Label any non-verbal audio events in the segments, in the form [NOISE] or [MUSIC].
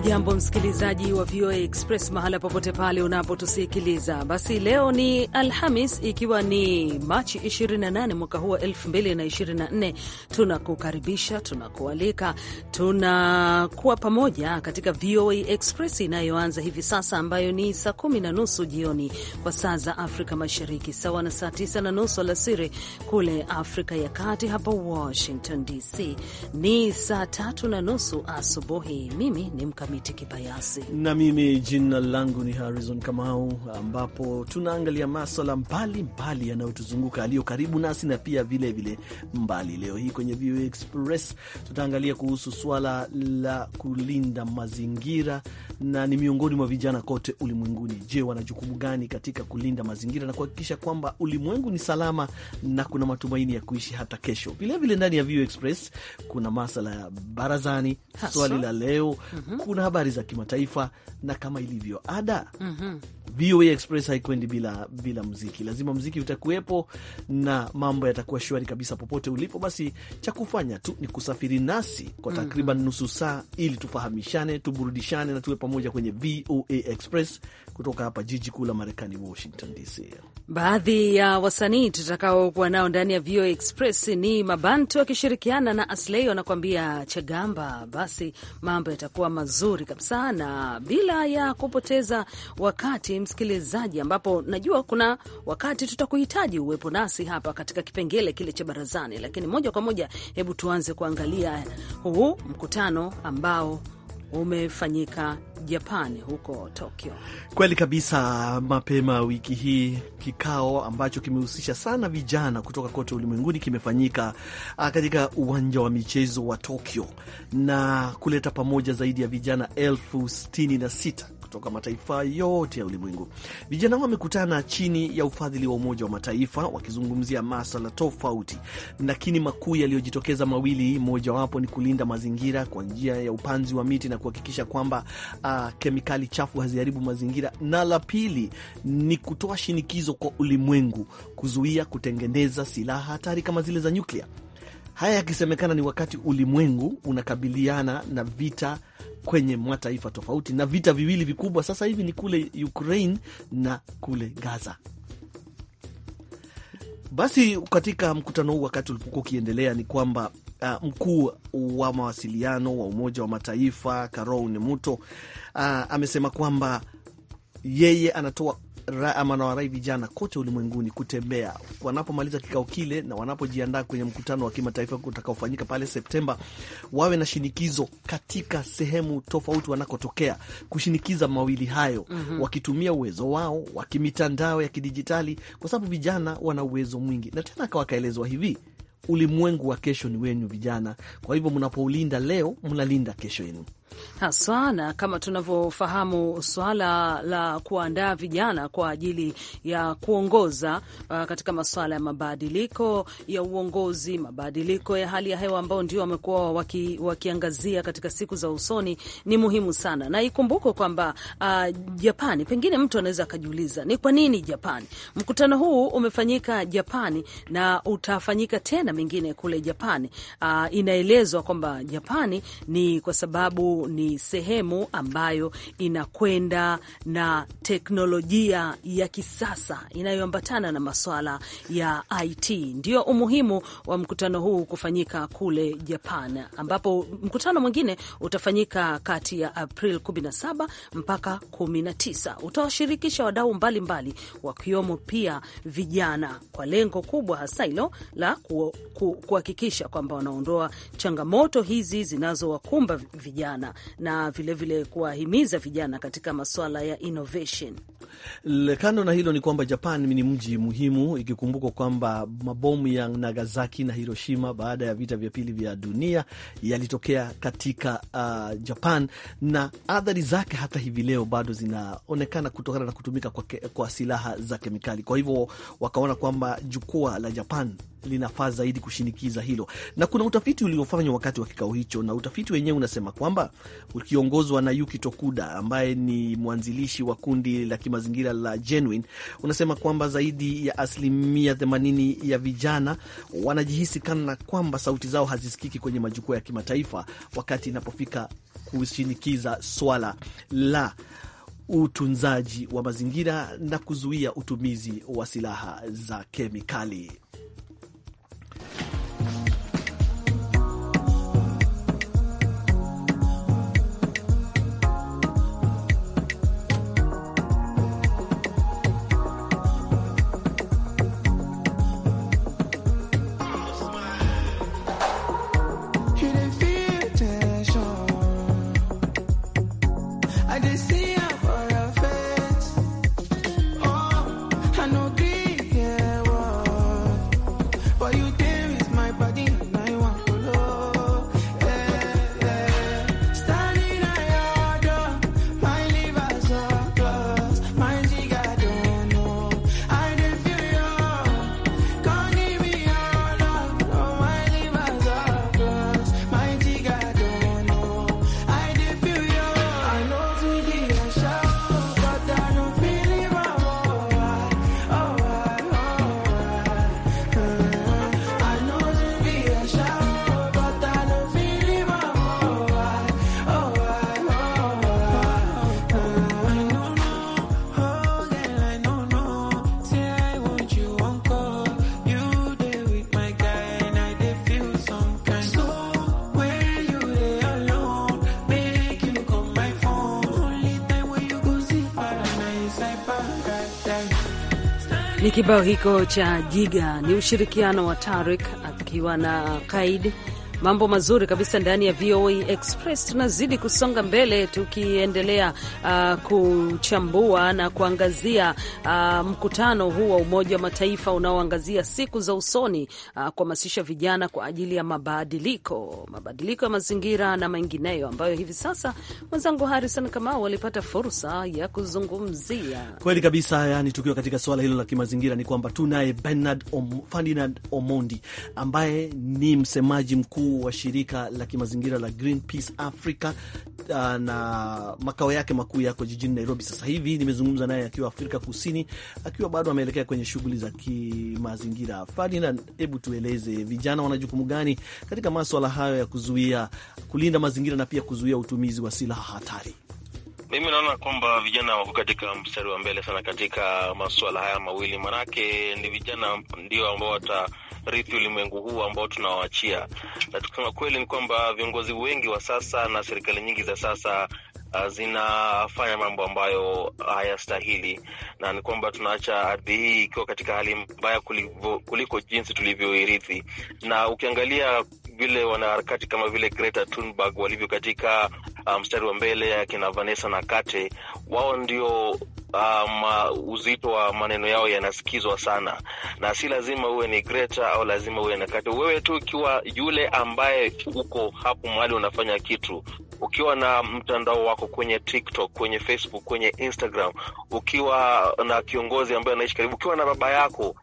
Hujambo msikilizaji wa VOA Express mahala popote pale unapotusikiliza. Basi leo ni Alhamis, ikiwa ni Machi 28 mwaka huu wa 2024. Tunakukaribisha, tunakualika, tunakuwa pamoja katika VOA Express inayoanza hivi sasa, ambayo ni saa kumi na nusu jioni kwa saa za Afrika Mashariki, sawa na saa tisa na nusu alasiri kule Afrika ya Kati. Hapa Washington DC ni saa tatu na nusu asubuhi. Mimi ni mka Mkamiti Kibayasi na mimi jina langu ni Harrison Kamau, ambapo tunaangalia maswala mbalimbali yanayotuzunguka aliyo karibu nasi na pia vilevile vile mbali. Leo hii kwenye VOA Express tutaangalia kuhusu swala la kulinda mazingira na ni miongoni mwa vijana kote ulimwenguni. Je, wana jukumu gani katika kulinda mazingira na kuhakikisha kwamba ulimwengu ni salama na kuna matumaini ya kuishi hata kesho? Vilevile ndani ya VOA Express kuna masala ya barazani, swali la leo mm -hmm. kuna kuna habari za kimataifa na kama ilivyo ada mm -hmm. VOA Express haikwendi bila, bila mziki. Lazima mziki utakuwepo na mambo yatakuwa shwari kabisa popote ulipo. Basi cha kufanya tu ni kusafiri nasi kwa mhm. takriban mm -hmm. nusu saa ili tufahamishane, tuburudishane na tuwe pamoja kwenye VOA Express kutoka hapa jiji kuu la Marekani, Washington DC. Baadhi ya wasanii tutakaokuwa nao ndani ya VOA Express ni Mabantu akishirikiana na Aslei wanakuambia Chagamba. Basi mambo yatakuwa mazuri nzuri kabisa, na bila ya kupoteza wakati, msikilizaji, ambapo najua kuna wakati tutakuhitaji uwepo nasi hapa katika kipengele kile cha barazani, lakini moja kwa moja, hebu tuanze kuangalia huu mkutano ambao umefanyika Japan huko Tokyo. Kweli kabisa. Mapema wiki hii kikao ambacho kimehusisha sana vijana kutoka kote ulimwenguni kimefanyika ah, katika uwanja wa michezo wa Tokyo na kuleta pamoja zaidi ya vijana elfu sitini na sita kutoka mataifa yote ya ulimwengu. Vijana hao wamekutana chini ya ufadhili wa Umoja wa Mataifa wakizungumzia masala tofauti, lakini makuu yaliyojitokeza mawili, mojawapo ni kulinda mazingira kwa njia ya upanzi wa miti na kuhakikisha kwamba uh, kemikali chafu haziharibu mazingira, na la pili ni kutoa shinikizo kwa ulimwengu kuzuia kutengeneza silaha hatari kama zile za nyuklia. Haya yakisemekana ni wakati ulimwengu unakabiliana na vita kwenye mataifa tofauti, na vita viwili vikubwa sasa hivi ni kule Ukraine na kule Gaza. Basi katika mkutano huu wakati ulipokuwa ukiendelea, ni kwamba uh, mkuu wa mawasiliano wa Umoja wa Mataifa Caroline Muto uh, amesema kwamba yeye anatoa ama nawarai vijana kote ulimwenguni kutembea wanapomaliza kikao kile na wanapojiandaa kwenye mkutano wa kimataifa utakaofanyika pale Septemba, wawe na shinikizo katika sehemu tofauti wanakotokea, kushinikiza mawili hayo mm -hmm. wakitumia uwezo wao wa kimitandao ya kidijitali, kwa sababu vijana wana uwezo mwingi, na tena akaelezwa hivi ulimwengu wa kesho ni wenyu vijana. Kwa hivyo mnapoulinda leo, mnalinda kesho yenu haswa na kama tunavyofahamu swala la kuandaa vijana kwa ajili ya kuongoza uh, katika masuala ya mabadiliko ya uongozi, mabadiliko ya hali ya hewa ambao ndio wamekuwa waki, wakiangazia katika siku za usoni ni muhimu sana, na ikumbukwe kwamba uh, Japani, pengine mtu anaweza akajiuliza ni kwa nini Japani. Mkutano huu umefanyika Japani na utafanyika tena mengine kule Japani. Uh, inaelezwa kwamba Japani ni kwa sababu ni sehemu ambayo inakwenda na teknolojia ya kisasa inayoambatana na maswala ya IT. Ndio umuhimu wa mkutano huu kufanyika kule Japan, ambapo mkutano mwingine utafanyika kati ya April 17 mpaka 19. Utawashirikisha wadau mbalimbali wakiwemo pia vijana, kwa lengo kubwa hasa hilo la kuhakikisha kwamba wanaondoa changamoto hizi zinazowakumba vijana na vilevile kuwahimiza vijana katika masuala ya innovation. Kando na hilo ni kwamba Japan ni mji muhimu, ikikumbukwa kwamba mabomu ya Nagasaki na Hiroshima baada ya vita vya pili vya dunia yalitokea katika uh, Japan na athari zake hata hivi leo bado zinaonekana kutokana na kutumika kwa, kwa silaha za kemikali. Kwa hivyo wakaona kwamba jukwaa la Japan linafaa zaidi kushinikiza hilo. Na kuna utafiti uliofanywa wakati wa kikao hicho, na utafiti wenyewe unasema kwamba ukiongozwa na Yuki Tokuda ambaye ni mwanzilishi wa kundi la kimazingira la Genuine, unasema kwamba zaidi ya asilimia 80 ya vijana wanajihisi kana kwamba sauti zao hazisikiki kwenye majukwaa ya kimataifa wakati inapofika kushinikiza swala la utunzaji wa mazingira na kuzuia utumizi wa silaha za kemikali. ni kibao hiko cha Jiga, ni ushirikiano wa Tarik akiwa na Kaid Mambo mazuri kabisa ndani ya VOA Express. Tunazidi kusonga mbele tukiendelea uh, kuchambua na kuangazia uh, mkutano huu wa Umoja wa Mataifa unaoangazia siku za usoni uh, kuhamasisha vijana kwa ajili ya mabadiliko mabadiliko ya mazingira na mengineyo, ambayo hivi sasa mwenzangu Harrison Kamau alipata fursa ya kuzungumzia. Kweli kabisa, yani tukiwa katika suala hilo la kimazingira ni kwamba tunaye Bernard Om, Ferdinand Omondi ambaye ni msemaji mkuu mkuu wa shirika la kimazingira la Greenpeace Africa uh, na makao yake makuu yako jijini Nairobi sasa hivi. Nimezungumza naye akiwa Afrika Kusini, akiwa bado ameelekea kwenye shughuli za kimazingira. Ferdinand, hebu tueleze vijana wana jukumu gani katika maswala hayo ya kuzuia, kulinda mazingira na pia kuzuia utumizi wa silaha hatari? Mimi naona kwamba vijana wako katika mstari wa mbele sana katika masuala haya mawili, manake ni vijana ndio ambao wata rithi ulimwengu huu ambao tunawaachia. Na tukisema kweli, ni kwamba viongozi wengi wa sasa na serikali nyingi za sasa ah, zinafanya mambo ambayo hayastahili, na ni kwamba tunaacha ardhi hii ikiwa katika hali mbaya kuliko jinsi tulivyoirithi. Na ukiangalia vile wanaharakati kama vile Greta Thunberg walivyo katika uh, mstari um, wa mbele akina Vanessa na Kate, wao ndio um, uh, uzito wa maneno yao yanasikizwa sana, na si lazima uwe ni Greta au lazima uwe na Kate. Wewe tu ukiwa yule ambaye uko hapo mahali unafanya kitu ukiwa na mtandao wako kwenye TikTok, kwenye Facebook, kwenye Instagram, ukiwa na kiongozi ambaye anaishi karibu, ukiwa na baba yako,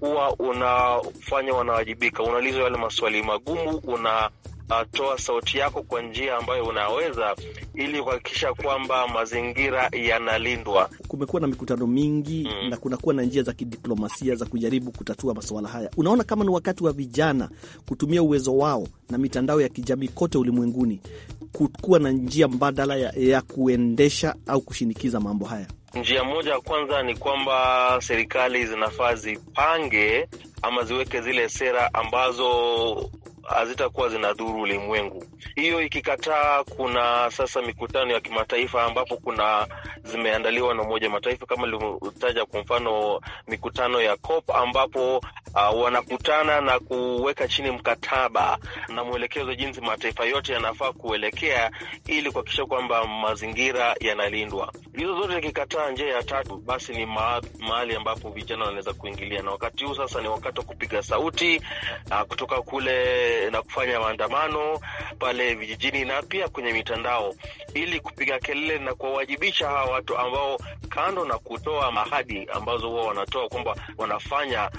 huwa unafanya wanawajibika, unaulizwa yale maswali magumu, unatoa sauti yako kwa njia ambayo unaweza, ili kuhakikisha kwamba mazingira yanalindwa. Kumekuwa na mikutano mingi mm, na kunakuwa na njia za kidiplomasia za kujaribu kutatua masuala haya. Unaona kama ni wakati wa vijana kutumia uwezo wao na mitandao ya kijamii kote ulimwenguni kukuwa na njia mbadala ya, ya kuendesha au kushinikiza mambo haya? Njia moja ya kwanza ni kwamba serikali zinafaa zipange ama ziweke zile sera ambazo hazitakuwa zinadhuru ulimwengu. Hiyo ikikataa, kuna sasa mikutano ya kimataifa ambapo kuna zimeandaliwa na Umoja Mataifa kama ilivyotaja, kwa mfano mikutano ya COP ambapo uh, wanakutana na kuweka chini mkataba na mwelekezo jinsi mataifa yote yanafaa kuelekea ili kuhakikisha kwamba mazingira yanalindwa. Hizo zote zikikataa njia ya tatu, basi ni ma mahali ambapo vijana wanaweza kuingilia, na wakati huu sasa ni wakati wa kupiga sauti uh, kutoka kule na kufanya maandamano pale vijijini na pia kwenye mitandao ili kupiga kelele na kuwawajibisha hawa watu ambao kando na kutoa mahadi ambazo huwa wanatoa kwamba wanafanya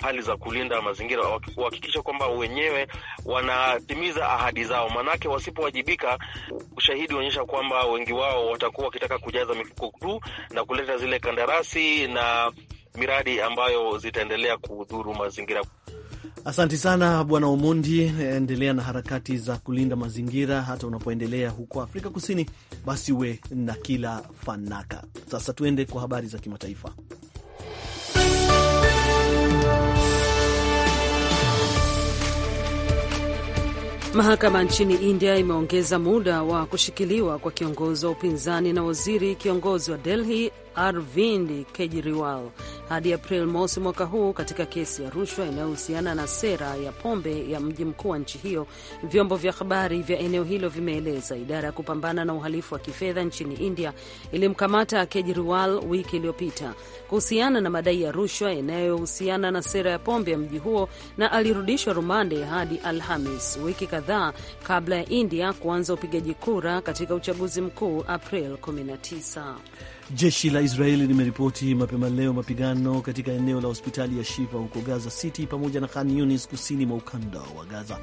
hali serikali za kulinda mazingira kuhakikisha kwamba wenyewe wanatimiza ahadi zao, maanake wasipowajibika, ushahidi huonyesha kwamba wengi wao watakuwa wakitaka kujaza mifuko tu na kuleta zile kandarasi na miradi ambayo zitaendelea kudhuru mazingira. asanti sana Bwana Omondi, endelea na harakati za kulinda mazingira. Hata unapoendelea huko Afrika Kusini, basi uwe na kila fanaka. Sasa tuende kwa habari za kimataifa. Mahakama nchini India imeongeza muda wa kushikiliwa kwa kiongozi wa upinzani na waziri kiongozi wa Delhi Arvind Kejriwal hadi april mosi mwaka huu katika kesi ya rushwa inayohusiana na sera ya pombe ya mji mkuu wa nchi hiyo. Vyombo vya habari vya eneo hilo vimeeleza idara ya kupambana na uhalifu wa kifedha nchini India ilimkamata Kejriwal wiki iliyopita kuhusiana na madai ya rushwa yanayohusiana na sera ya pombe ya mji huo, na alirudishwa rumande hadi Alhamis, wiki kadhaa kabla ya India kuanza upigaji kura katika uchaguzi mkuu April 19. Jeshi la Israeli limeripoti mapema leo mapigano katika eneo la hospitali ya Shifa huko Gaza City pamoja na Khan Yunis kusini mwa ukanda wa Gaza.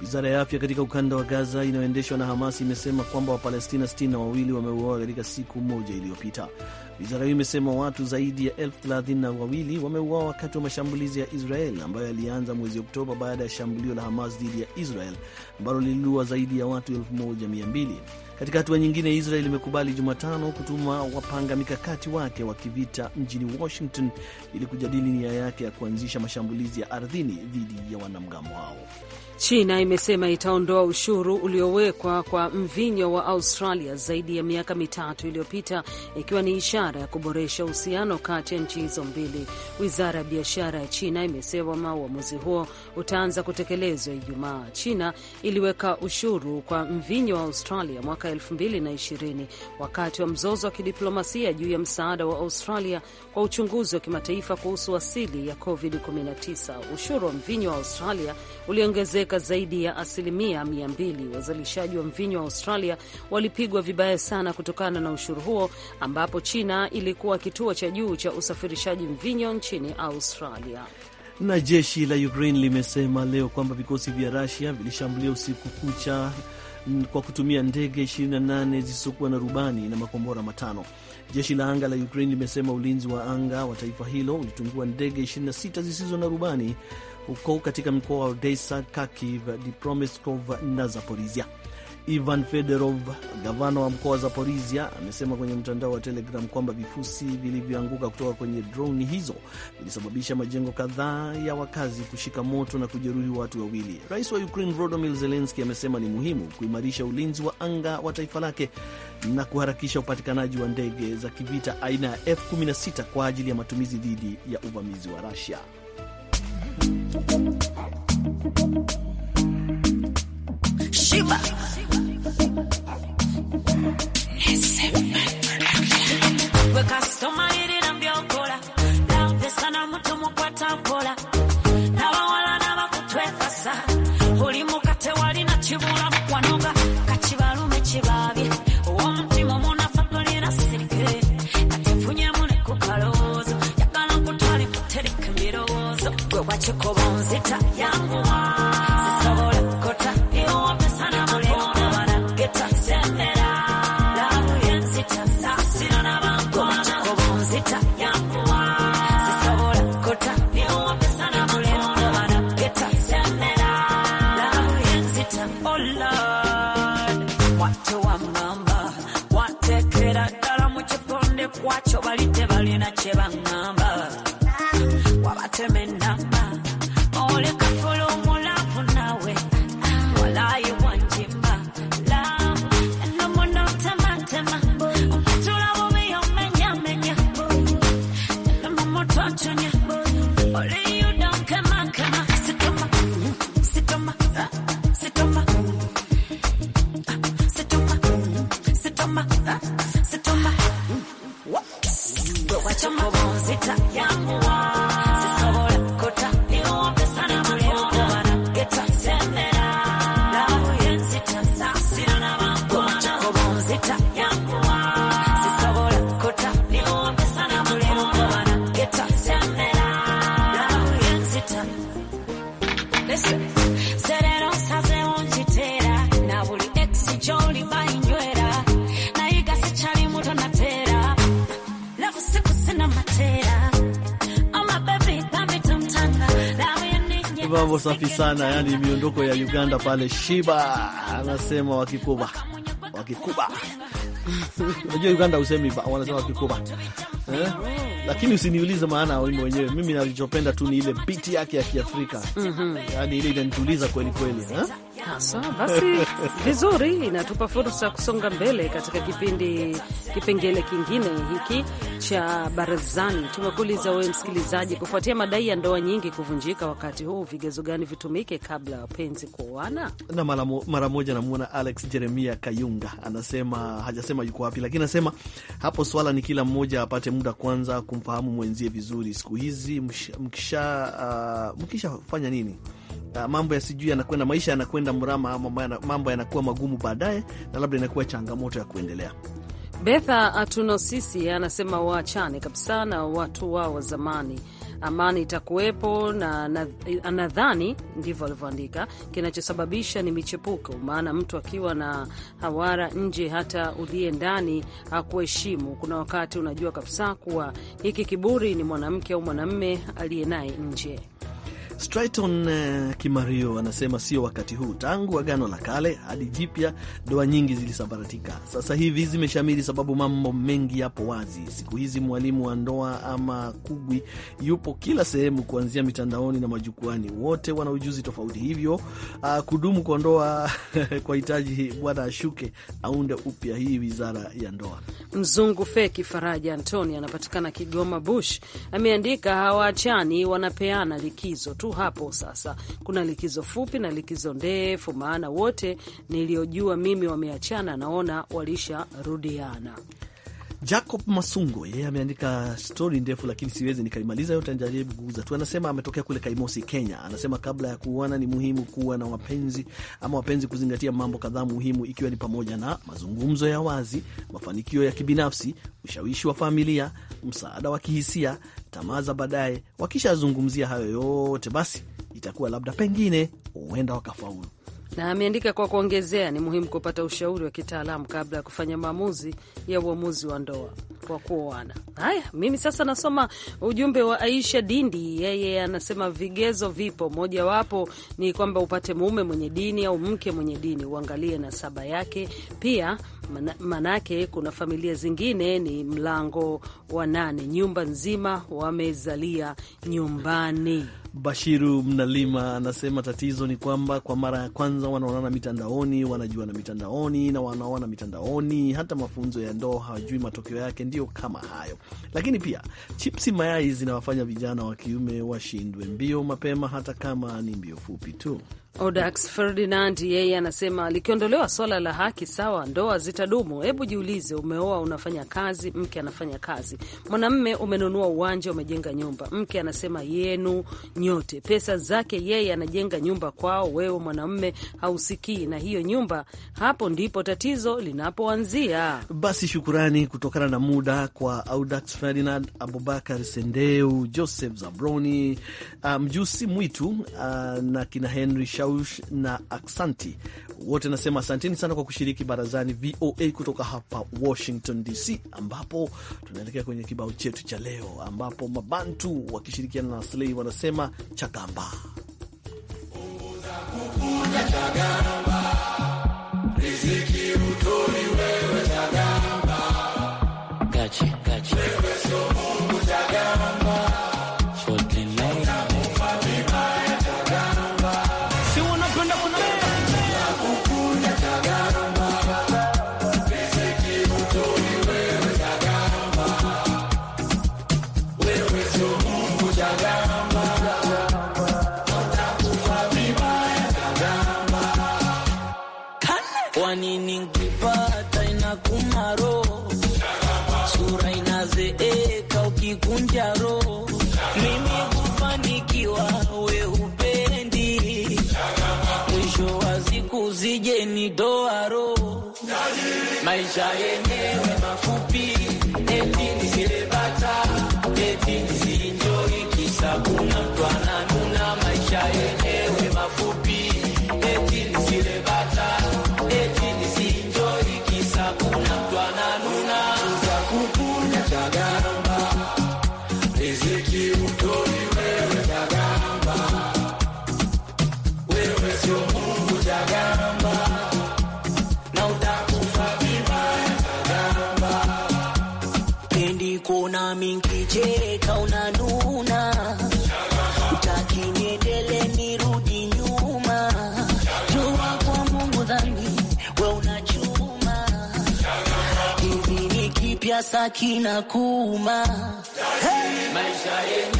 Wizara ya afya katika ukanda wa Gaza inayoendeshwa na Hamas imesema kwamba Wapalestina sitini na wawili wameuawa katika siku moja iliyopita. Wizara hiyo imesema watu zaidi ya elfu thelathini na wawili wameuawa wakati wa mashambulizi ya Israel ambayo yalianza mwezi Oktoba baada ya shambulio la Hamas dhidi ya Israel ambalo liliua zaidi ya watu elfu moja mia mbili. Katika hatua nyingine, Israel imekubali Jumatano kutuma wapanga mikakati wake wa kivita mjini Washington ili kujadili nia yake ya kuanzisha mashambulizi ya ardhini dhidi ya wanamgambo hao. China imesema itaondoa ushuru uliowekwa kwa mvinyo wa Australia zaidi ya miaka mitatu iliyopita, ikiwa ni ishara ya kuboresha uhusiano kati ya nchi hizo mbili. Wizara ya biashara ya China imesema uamuzi huo utaanza kutekelezwa Ijumaa. China iliweka ushuru kwa mvinyo wa Australia mwaka 2020 wakati wa mzozo wa kidiplomasia juu ya msaada wa Australia kwa uchunguzi wa kimataifa kuhusu asili ya COVID-19. Ushuru wa mvinyo wa Australia uliongezeka kuongezeka zaidi ya asilimia 200. Wazalishaji wa mvinyo wa Australia walipigwa vibaya sana kutokana na ushuru huo, ambapo China ilikuwa kituo cha juu cha usafirishaji mvinyo nchini Australia. Na jeshi la Ukraine limesema leo kwamba vikosi vya Rusia vilishambulia usiku kucha kwa kutumia ndege 28 zisizokuwa na rubani na makombora matano. Jeshi la anga la Ukraine limesema ulinzi wa anga wa taifa hilo ulitungua ndege 26 zisizo na rubani huko katika mkoa wa Odessa, Kharkiv, Dnipropetrovsk na Zaporizhia. Ivan Fedorov, gavana wa mkoa wa Zaporizhia, amesema kwenye mtandao wa Telegram kwamba vifusi vilivyoanguka kutoka kwenye droni hizo vilisababisha majengo kadhaa ya wakazi kushika moto na kujeruhi watu wawili. Rais wa Ukraine Volodymyr Zelensky amesema ni muhimu kuimarisha ulinzi wa anga wa taifa lake na kuharakisha upatikanaji wa ndege za kivita aina ya F16 kwa ajili ya matumizi dhidi ya uvamizi wa rasia Shiba. We're custom waakyo balidde balina kye baŋŋamba mambo safi sana, yani miondoko ya Uganda pale. Shiba anasema wakikuba, wakikuba [LAUGHS] unajua Uganda usemi wanasema wakikuba eh? Lakini usiniulize maana ya wimbo wenyewe. Mimi nalichopenda tu ni ile biti yake ya Kiafrika, mm -hmm. yani ile inanituliza kweli kweli eh? hasa. Basi vizuri, inatupa fursa ya kusonga mbele katika kipindi kipengele kingine hiki cha barazani. Tumekuuliza wewe msikilizaji, kufuatia madai ya ndoa nyingi kuvunjika wakati huu, vigezo gani vitumike kabla ya wapenzi kuoana? Na mara moja namwona Alex Jeremia Kayunga anasema, hajasema yuko wapi, lakini anasema hapo swala ni kila mmoja apate muda kwanza kumfahamu mwenzie vizuri. Siku hizi mkisha uh, mkishafanya nini Ah, mambo ya sijui yanakwenda, maisha yanakwenda mrama ama mambo yanakuwa magumu baadaye, na labda inakuwa changamoto ya kuendelea. Betha Atuno ah, sisi anasema waachane kabisa na watu wao wa zamani, amani itakuwepo na, anadhani ah, ndivyo alivyoandika. Kinachosababisha ni michepuko, maana mtu akiwa na hawara nje, hata uliye ndani hakuheshimu. Kuna wakati unajua kabisa kuwa hiki kiburi ni mwanamke au mwanamme aliye naye nje. Straton eh, Kimario anasema sio wakati huu. Tangu Agano la Kale hadi Jipya, ndoa nyingi zilisambaratika, sasa hivi zimeshamiri sababu mambo mengi yapo wazi. Siku hizi mwalimu wa ndoa ama kugwi yupo kila sehemu, kuanzia mitandaoni na majukwani. Wote wana ujuzi tofauti, hivyo uh, kudumu kwa ndoa [LAUGHS] kwa hitaji Bwana ashuke aunde upya hii wizara ya ndoa. Mzungu Feki Faraja Antoni anapatikana Kigoma Bush ameandika, hawaachani wanapeana likizo tu tu hapo sasa. Kuna likizo fupi na likizo ndefu, maana wote niliojua mimi wameachana, naona walisharudiana. Jacob Masungo yeye ameandika stori ndefu, lakini siwezi nikaimaliza yote, nijaribu kuguza tu. Anasema ametokea kule Kaimosi, Kenya. Anasema kabla ya kuana ni muhimu kuwa na wapenzi ama wapenzi kuzingatia mambo kadhaa muhimu, ikiwa ni pamoja na mazungumzo ya wazi, mafanikio ya kibinafsi, ushawishi wa familia, msaada wa kihisia, tamaa za baadaye. Wakishazungumzia hayo yote, basi itakuwa labda pengine huenda wakafaulu na ameandika kwa kuongezea, ni muhimu kupata ushauri wa kitaalamu kabla ya kufanya maamuzi ya uamuzi wa ndoa kwa kuoana. Haya, mimi sasa nasoma ujumbe wa Aisha Dindi. Yeye anasema vigezo vipo, mojawapo ni kwamba upate mume mwenye dini au mke mwenye dini, uangalie nasaba yake pia Manake kuna familia zingine ni mlango wa nane, nyumba nzima wamezalia nyumbani. Bashiru Mnalima anasema tatizo ni kwamba kwa mara ya kwanza wanaonana mitandaoni, wanajua na mitandaoni na wanaoana mitandaoni. Hata mafunzo ya ndoa hawajui matokeo yake ndio kama hayo. Lakini pia chipsi mayai zinawafanya vijana wa kiume washindwe mbio mapema, hata kama ni mbio fupi tu. Odax Ferdinand yeye anasema likiondolewa swala la haki sawa, ndoa zitadumu. Hebu jiulize, umeoa unafanya kazi, mke anafanya kazi, mwanamme umenunua uwanja, umejenga nyumba, mke anasema yenu nyote, pesa zake yeye anajenga nyumba kwao, wewe mwanamme hausikii na hiyo nyumba. Hapo ndipo tatizo linapoanzia. Basi shukurani kutokana na muda kwa Audax Ferdinand, Abubakar Sendeu, Joseph Zabroni, uh, mjusi um, mwitu uh, na kina Henry Shaw Shaush na Aksanti wote nasema asanteni sana kwa kushiriki barazani VOA kutoka hapa Washington DC, ambapo tunaelekea kwenye kibao chetu cha leo, ambapo Mabantu wakishirikiana na Waslei wanasema chagamba Gachi, gachi. ni doaro, maisha yenyewe mafupi, eti nisibata, eti nisinjoi, kisa kuna mtu ananuna maisha yenyewe sakina kuma hey. maisha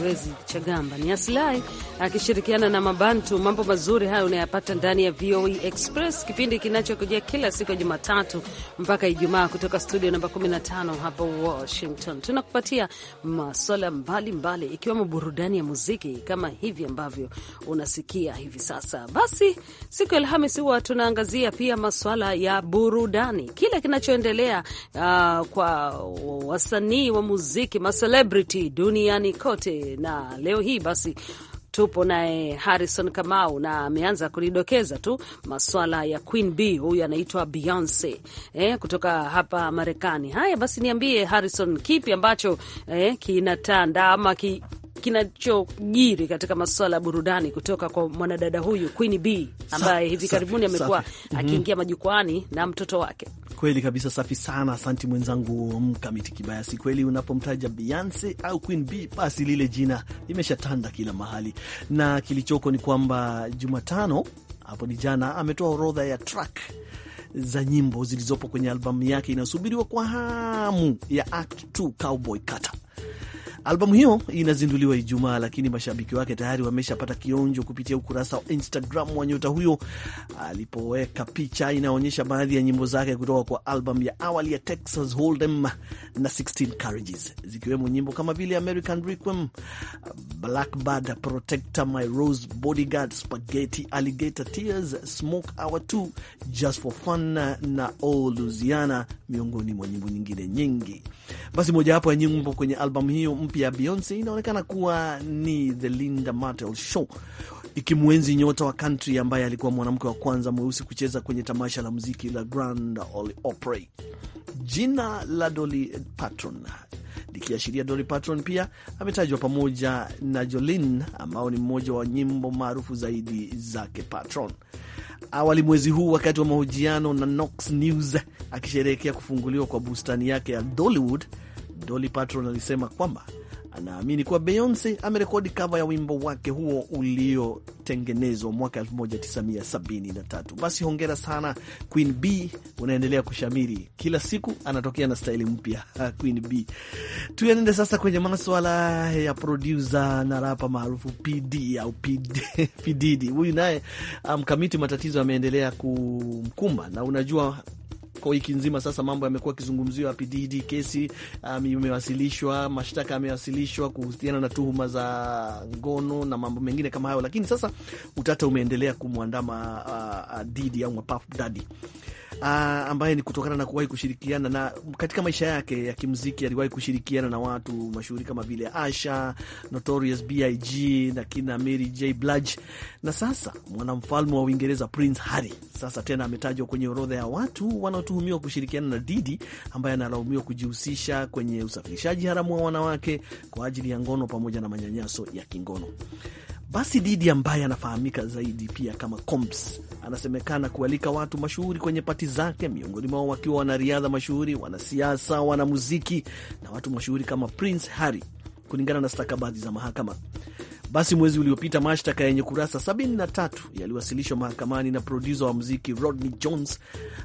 wezi Chagamba ni Aslai akishirikiana na Mabantu. Mambo mazuri hayo unayapata ndani ya VOA e Express, kipindi kinachokujia kila siku ya Jumatatu mpaka Ijumaa kutoka studio namba 15 hapa Washington. Tunakupatia maswala mbalimbali ikiwemo burudani ya muziki kama hivi ambavyo unasikia hivi sasa. Basi siku ya Alhamisi huwa tunaangazia pia maswala ya burudani, kile kinachoendelea uh, kwa wasanii wa muziki macelebrity duniani kote na leo hii basi tupo naye Harrison Kamau na ameanza kulidokeza tu maswala ya Queen B, huyu anaitwa Beyonce eh, kutoka hapa Marekani. Haya basi, niambie Harrison, kipi ambacho eh, kinatanda ama ki kinachojiri katika masuala ya burudani kutoka kwa mwanadada huyu Queen B ambaye hivi karibuni amekuwa mhm. akiingia majukwaani na mtoto wake. Kweli kabisa, safi sana, asanti mwenzangu Mkamiti Kibayasi. Kweli unapomtaja Beyonce au Queen B, basi lile jina limeshatanda kila mahali, na kilichoko ni kwamba Jumatano hapo ni jana, ametoa orodha ya track za nyimbo zilizopo kwenye albamu yake inayosubiriwa kwa hamu ya Act 2 Cowboy Carter. Albamu hiyo inazinduliwa Ijumaa, lakini mashabiki wake tayari wameshapata kionjo kupitia ukurasa wa Instagram wa nyota huyo alipoweka picha inaonyesha baadhi ya nyimbo zake kutoka kwa albamu ya awali ya Texas Hold'em na 16 Carriages, zikiwemo nyimbo kama vile American Requiem, Blackbird, Protector, My Rose, Bodyguard, Spaghetti, Alligator Tears, Smoke Hour 2, Just for Fun na Oh Louisiana, miongoni mwa nyimbo nyingine nyingi. Basi mojawapo ya nyimbo kwenye albamu hiyo mpya ya Beyonce inaonekana kuwa ni The Linda Martel Show, ikimwenzi nyota wa country ambaye alikuwa mwanamke wa kwanza mweusi kucheza kwenye tamasha la muziki la Grand Ole Opry, jina la Dolly Parton likiashiria Dolly Parton. Pia ametajwa pamoja na jolin ambao ni mmoja wa nyimbo maarufu zaidi zake patron Awali mwezi huu, wakati wa mahojiano na Knox News akisherehekea kufunguliwa kwa bustani yake ya Dollywood Dolly Parton alisema kwamba anaamini kuwa Beyonce amerekodi kava ya wimbo wake huo uliotengenezwa mwaka 1973. Basi hongera sana Queen B, unaendelea kushamiri, kila siku anatokea na staili mpya [LAUGHS] Queen B. Tuende sasa kwenye maswala ya produsa na rapa maarufu PD au pdd [LAUGHS] Huyu naye um, mkamiti um, matatizo ameendelea kumkumba, na unajua kwa wiki nzima sasa mambo yamekuwa yakizungumziwa, PDD kesi um, imewasilishwa, mashtaka yamewasilishwa kuhusiana na tuhuma za ngono na mambo mengine kama hayo, lakini sasa utata umeendelea kumwandama uh, uh Didi au Puff Daddy Ah, ambaye ni kutokana na kuwahi kushirikiana na katika maisha yake ya kimziki aliwahi kushirikiana na watu mashuhuri kama vile Asha, Notorious B.I.G. na kina Mary J. Blige na sasa mwanamfalme wa Uingereza Prince Harry sasa tena ametajwa kwenye orodha ya watu wanaotuhumiwa kushirikiana na Didi ambaye analaumiwa kujihusisha kwenye usafirishaji haramu wa wanawake kwa ajili ya ngono pamoja na manyanyaso ya kingono. Basi Didi ambaye anafahamika zaidi pia kama Combs anasemekana kualika watu mashuhuri kwenye pati zake, miongoni mwao wakiwa wanariadha mashuhuri, wanasiasa, wanamuziki na watu mashuhuri kama Prince Harry, kulingana na stakabadhi za mahakama. Basi mwezi uliopita mashtaka yenye kurasa 73 yaliwasilishwa mahakamani na produsa wa muziki Rodney Jones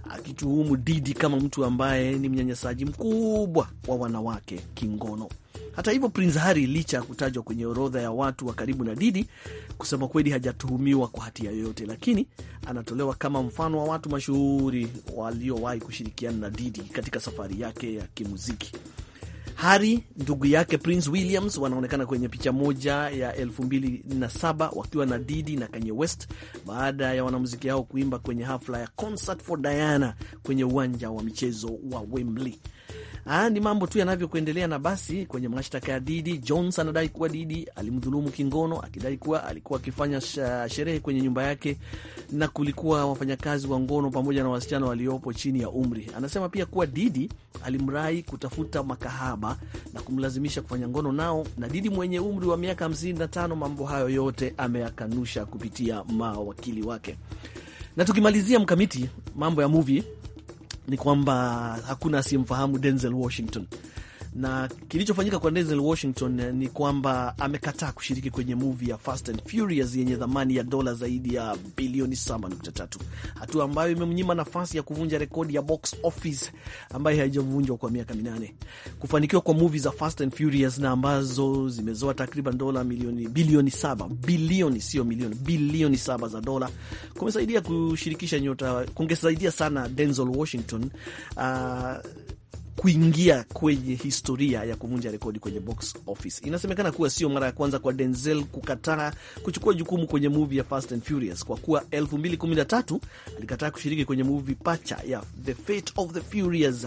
akituhumu Didi kama mtu ambaye ni mnyanyasaji mkubwa wa wanawake kingono. Hata hivyo, Prince Harry licha ya kutajwa kwenye orodha ya watu wa karibu na Didi, kusema kweli hajatuhumiwa kwa hatia yoyote, lakini anatolewa kama mfano wa watu mashuhuri waliowahi kushirikiana na Didi katika safari yake ya kimuziki. Harry, ndugu yake Prince Williams wanaonekana kwenye picha moja ya 2007 wakiwa na Didi na Kanye West baada ya wanamuziki hao kuimba kwenye hafla ya Concert for Diana kwenye uwanja wa michezo wa Wembley. Ah, ni mambo tu yanavyokuendelea. Na basi kwenye mashtaka ya Didi, Jones anadai kuwa Didi alimdhulumu kingono, akidai kuwa alikuwa akifanya sherehe kwenye nyumba yake na kulikuwa wafanyakazi wa ngono pamoja na wasichana waliopo chini ya umri. Anasema pia kuwa Didi alimrai kutafuta makahaba na kumlazimisha kufanya ngono nao, na Didi mwenye umri wa miaka 55 mambo hayo yote ameyakanusha kupitia mawakili wake. Na tukimalizia mkamiti mambo ya movie ni kwamba hakuna asiyemfahamu Denzel Washington na kilichofanyika kwa Denzel Washington ni kwamba amekataa kushiriki kwenye movie ya Fast and Furious yenye thamani ya dola zaidi ya bilioni 7.3, hatua ambayo imemnyima nafasi ya kuvunja rekodi ya box office ambayo haijavunjwa kwa miaka minane. Kufanikiwa kwa movie za Fast and Furious na ambazo zimezoa takriban dola milioni bilioni 7 bilioni sio milioni bilioni 7 za dola kumesaidia kushirikisha nyota, kungesaidia sana Denzel Washington uh, kuingia kwenye historia ya kuvunja rekodi kwenye box office. Inasemekana kuwa sio mara ya kwanza kwa Denzel kukataa kuchukua jukumu kwenye movie ya Fast and Furious kwa kuwa 2013 alikataa kushiriki kwenye movie pacha ya The Fate of the Furious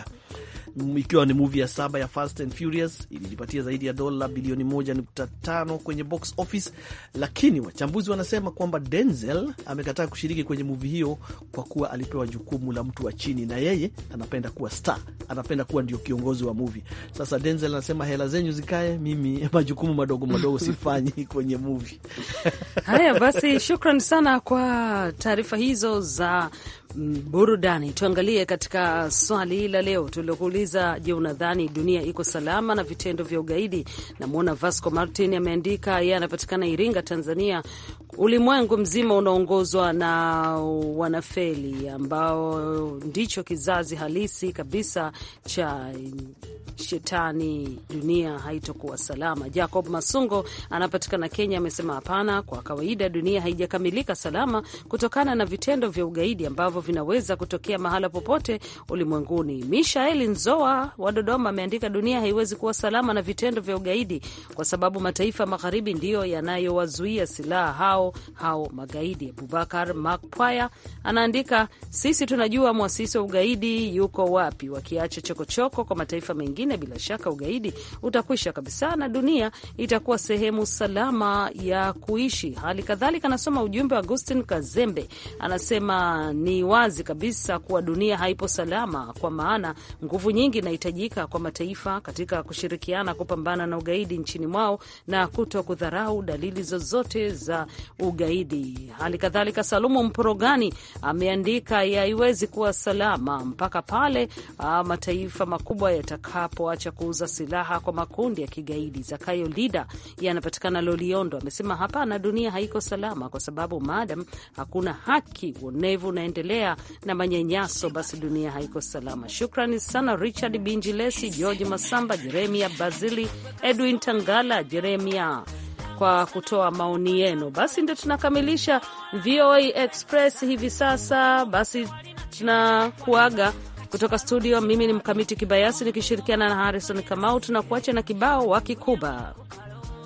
ikiwa ni movie ya saba ya Fast and Furious ilijipatia zaidi ya dola bilioni 1.5 kwenye box office, lakini wachambuzi wanasema kwamba Denzel amekataa kushiriki kwenye movie hiyo kwa kuwa alipewa jukumu la mtu wa chini, na yeye anapenda kuwa star, anapenda kuwa ndio kiongozi wa movie. Sasa Denzel anasema hela zenyu zikae, mimi [LAUGHS] majukumu madogo madogo sifanyi [LAUGHS] kwenye movie. Haya basi, shukran sana kwa taarifa hizo za Mm, burudani, tuangalie katika swali la leo tuliokuuliza. Je, unadhani dunia iko salama na vitendo vya ugaidi? Namwona Vasco Martin ameandika, yeye anapatikana Iringa, Tanzania. Ulimwengu mzima unaongozwa na wanafeli ambao ndicho kizazi halisi kabisa cha shetani. Dunia haitokuwa salama. Jacob Masungo anapatikana Kenya, amesema hapana, kwa kawaida dunia haijakamilika salama kutokana na vitendo vya ugaidi ambavyo ambavyo vinaweza kutokea mahala popote ulimwenguni. Mishael Nzoa wa Dodoma ameandika, dunia haiwezi kuwa salama na vitendo vya ugaidi kwa sababu mataifa magharibi ndiyo yanayowazuia silaha hao hao magaidi. Abubakar Makpaya anaandika, sisi tunajua mwasisi wa ugaidi yuko wapi. Wakiacha chokochoko kwa mataifa mengine, bila shaka ugaidi utakwisha kabisa na dunia itakuwa sehemu salama ya kuishi. Hali kadhalika anasoma ujumbe wa Agustin Kazembe, anasema ni wazi kabisa kuwa dunia haipo salama, kwa maana nguvu nyingi inahitajika kwa mataifa katika kushirikiana kupambana na ugaidi nchini mwao na kuto kudharau dalili zozote za ugaidi. Hali kadhalika, Salumu Mporogani ameandika yaiwezi kuwa salama mpaka pale a, ah, mataifa makubwa yatakapoacha kuuza silaha kwa makundi ya kigaidi. Zakayo Lida yanapatikana Loliondo amesema hapana, dunia haiko salama kwa sababu madam hakuna haki, uonevu unaendelea kuendelea na manyanyaso, basi dunia haiko salama. Shukrani sana Richard Binjilesi, George Masamba, Jeremia Bazili, Edwin Tangala, Jeremia kwa kutoa maoni yenu. Basi ndio tunakamilisha VOA Express hivi sasa. Basi tunakuaga kutoka studio. Mimi ni Mkamiti Kibayasi nikishirikiana na Harrison Kamau. Tunakuacha na kibao wa Kikuba.